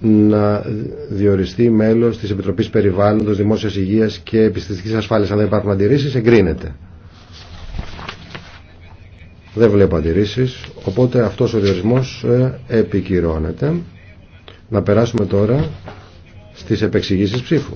να διοριστεί μέλος της Επιτροπής Περιβάλλοντος, Δημόσιας Υγείας και Επιστημικής Ασφάλειας. Αν δεν υπάρχουν αντιρρήσεις, εγκρίνεται. Δεν βλέπω αντιρρήσεις, οπότε αυτός ο διορισμός ε, επικυρώνεται. Να περάσουμε τώρα στις επεξηγήσεις ψήφου.